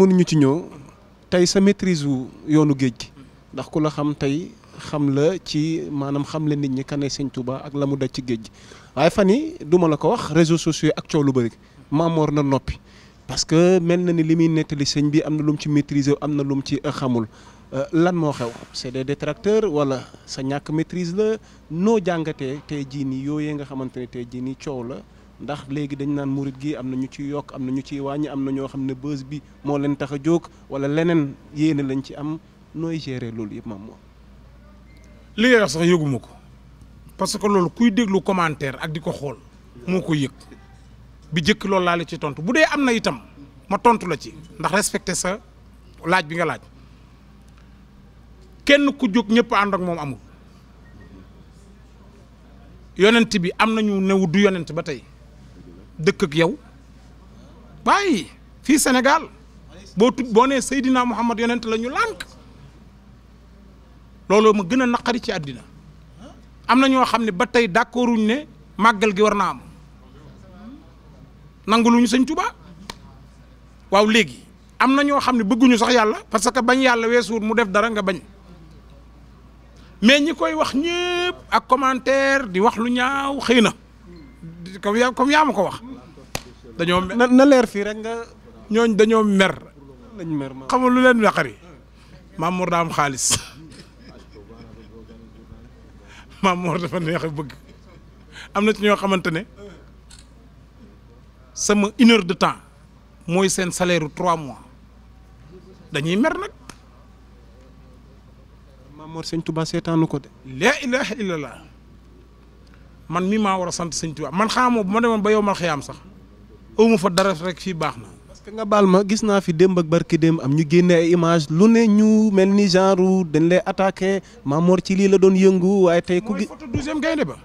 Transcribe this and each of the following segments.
mënuñu ci ñëw tey sa maîtrise wu yoonu géej gi ndax ku la xam tey xam la ci maanaam xam la nit ñi kanay sëñ Touba ak la mu daj ci géej gi waaye fan yi duma la ko wax réseaux sociaux ak coow lu bëri maamoor na noppi parce que mel na ni li muy nettali sëñ bi am na lu mu ci maîtriser am na lu mu ci xamul euh, lan moo xew c'est des détracteurs wala sa ñàkk maîtrise la noo jàngatee tey jii nii yooyee nga xamante ne tey jii nii coow la ndax léegi dañ naan murit gi am na ñu ciy yokk am na ñu ciy wàññi am na ñoo xam ne bës bi moo leen tax a jóg wala leneen yéene lañ ci am nooy gérer loolu yëpp maam moom. li ngay wax sax ko parce que loolu kuy déglu commentaire ak di ko xool moo yëg bi jëkk loolu laa la ci tontu bu dee am na itam ma tontu la ci ndax respecté sa laaj bi nga laaj kenn ku jóg ñëpp ànd ak moom amul yonent bi am nañu new du yonent ba tey. dëkk ak yow bàyyi fii Sénégal boo tudd boo nee Seydina Muhammad yonent la ñu lànk looloo ma gën a naqari ci àddina am na ñoo xam ne ba tey d'accorduñ ne màggal gi war naa am nanguluñu sëñ tuba waaw léegi am na ñoo xam ne bëgguñu sax yàlla parce que bañ yàlla weesuwut mu def dara nga bañ mais ñi koy wax ñépp ak commentaire di wax lu ñaaw xëy na comme yaa ma ko wax dañoo mer na leer fii rek nga. ñooñ dañoo mer. lañ mer xam lu leen naqari. Mamour daa am xaalis Mamour dafa neex a bëgg am na ci ñoo xamante ne sama une heure de temps mooy seen salaire trois mois dañuy mer nag. Mamour sëñ Touba seetaanu ko de. laa ilaaha illallah man mi maa war a sant sëñ Touba man xaamoo bu ma demoon ba yow ma xëyaam sax. awma fa dara rek fii baax na. parce nga baal ma gis naa fi démb ak barki démb am ñu génne ay image lu ne ñu mel ni genre dañ lay attaqué Mamor ci lii la doon yëngu waaye tey. ku gi photo douzième gaynde ba.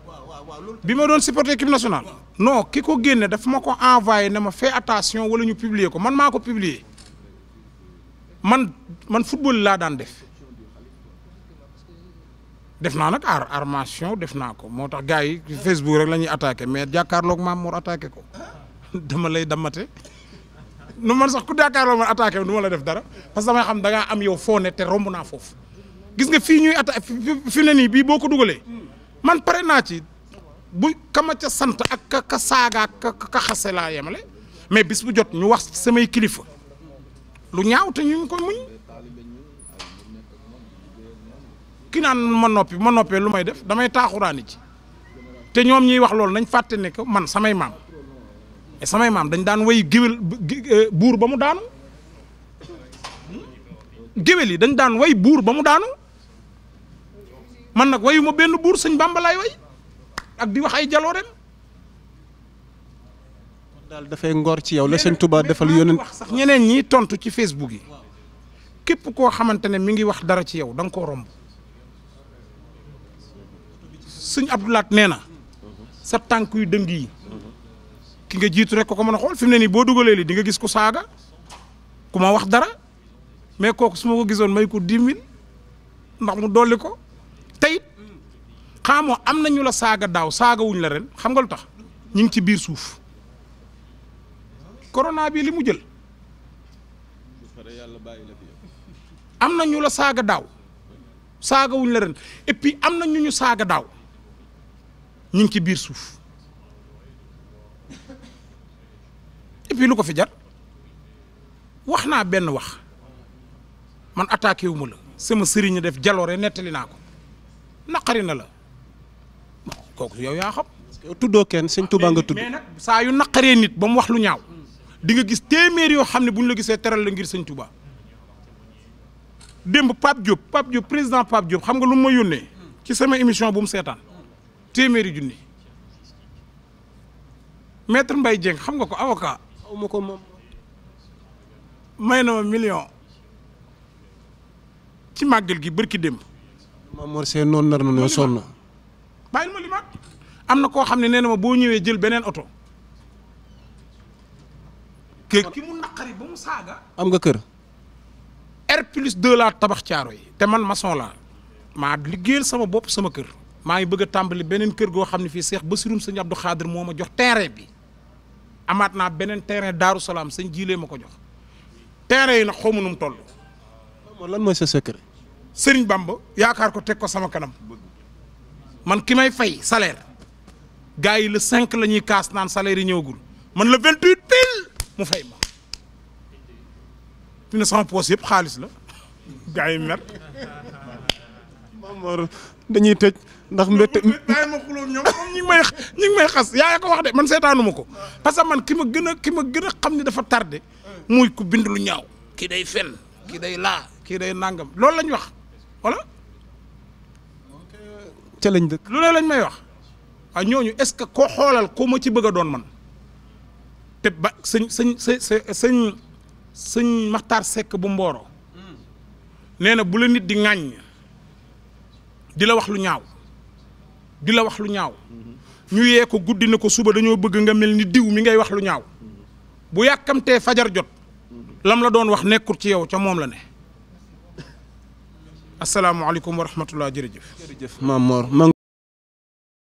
bi ma doon supporter équipe nationale. non ki ko génne dafa ma ko envoyé ne ma fais attention wala ñu publier ko man maa ko publier man man football laa daan def. def naa nag ar armation def naa ko moo tax gars yi Facebook rek lañu ñuy attaqué mais jàkkaarloog Mamor attaqué ko. dama lay damate nu man sax ku daakaaroo man attaqué du ma la def dara parce que damay xam da ngaa am yow foo ne te romb naa foofu gis nga fii ñuy attaqué fi ne nii bii boo ko dugalee man pare naa ci bu kama sant ak ka laa yemale mais bis jot ñu wax samay kilifa lu ñaaw te ñu ko muñ ki naan ma noppi ma noppee lu may def damay taaxuraani ci te ñoom ñuy wax loolu nañ fàtte ne que man samay maam samay maam dañ daan way géwél euh, buur ba mu daanu géwél yi dañ daan way buur ba mu daanu man nag wayu ma benn buur sëñ Bàmba laay way ak di wax ay jalooreem daal dafay ngoor ci yow la sëñ Touba defal yónent wax sax ñeneen ñi tontu ci Facebook yi képp koo xamante ne mi ngi wax dara ci yow danga koo romb sëñ Abdou nee na sa tànk yu dëng yi ki nga jiitu rek ko ko mën a xool fi mu ne nii boo dugalee lii di nga gis ko saaga ku ma wax dara mais kooku suma ko gisoon may ko dix ndax mu dolli ko tey xamoo am na ñu la saaga daaw saaga wuñ la ren xam nga lu tax ñu ngi ci biir suuf corona bi li mu jël am na ñu la saaga daaw saaga la ren et puis am na ñu ñu saaga daaw ñu ngi ci biir suuf. puis lu ko fi jar wax naa benn wax man attaqué wu ma la sama sëriñ def jaloore nettali naa ko naqari na la kooku yow yaa xam. tuddoo kenn sëñ Touba nga tudd. saa yu naqaree nit ba mu wax lu ñaaw di nga gis téeméer yoo xam ne bu ñu la gisee teral la ngir sëñ Touba démb Pape Diop Pape Diop président Pape Diop xam nga lu mu ma yónnee ci sama émission bu mu seetaan téeméeri junni maître Mbaye Dieng xam nga ko avocat xawma ko moom may na ma million ci màggal gi bërki démb Mame Mor Sène noonu nar na ñoo sonn ma li mag am na koo xam ne nee ma boo ñëwee jël beneen oto kër ki mu naqari ba mu saaga am nga kër R plus 2 laa tabax caaro yi te man maçon laa maa liggéeyal sama bopp sama kër maa ngi bëgg a tàmbali beneen kër goo xam ne fii Seex Basirum Sëñ Abdou Xaadir moo ma jox terrain bi amaat naa beneen terrain Daaru Salaam sëñ jiilee ma ko jox terrain yi nag xaw num nu toll. lan mooy sa secret. Sëriñ bàmb yaakaar ko teg ko sama kanam man ki may fay salaire gars yi la cinq la ñuy kaas naan salaire yi ñëwagul man la vingt huit mu fay ma. fi ne sama poos yëpp xaalis la gars yi mer. dañuy tëj. ndax mbette bàyyi ma may ñi may xas yaa ko wax de man seetaanuma ko parce que man ki ma gën a ki ma gën a xam ni dafa tardé muy ku bind lu ñaaw kii day fen kii day laa kii day nàngam loolu lañ wax wala euh, ca lañ dëkk lu ne lañ may wax a ah, ñooñu est ce que koo xoolal ko ma ci bëgg doon man te ba sëñ sëñ sëñ sëñ sëñ Maxtaar Sekk bu Mbooro hmm. nee na bu la nit di ŋàññ di la wax lu ñaaw di la wax lu ñaaw ñu yee ko guddi na ko suba dañoo bëgg nga mel ni diw mi ngay wax lu ñaaw bu yàkkamtee fajar jot lam la doon wax nekkul ci yow ca moom la ne asalaamaaleykum wa rahmatullah jërëjëf jërëjëf Maam Mor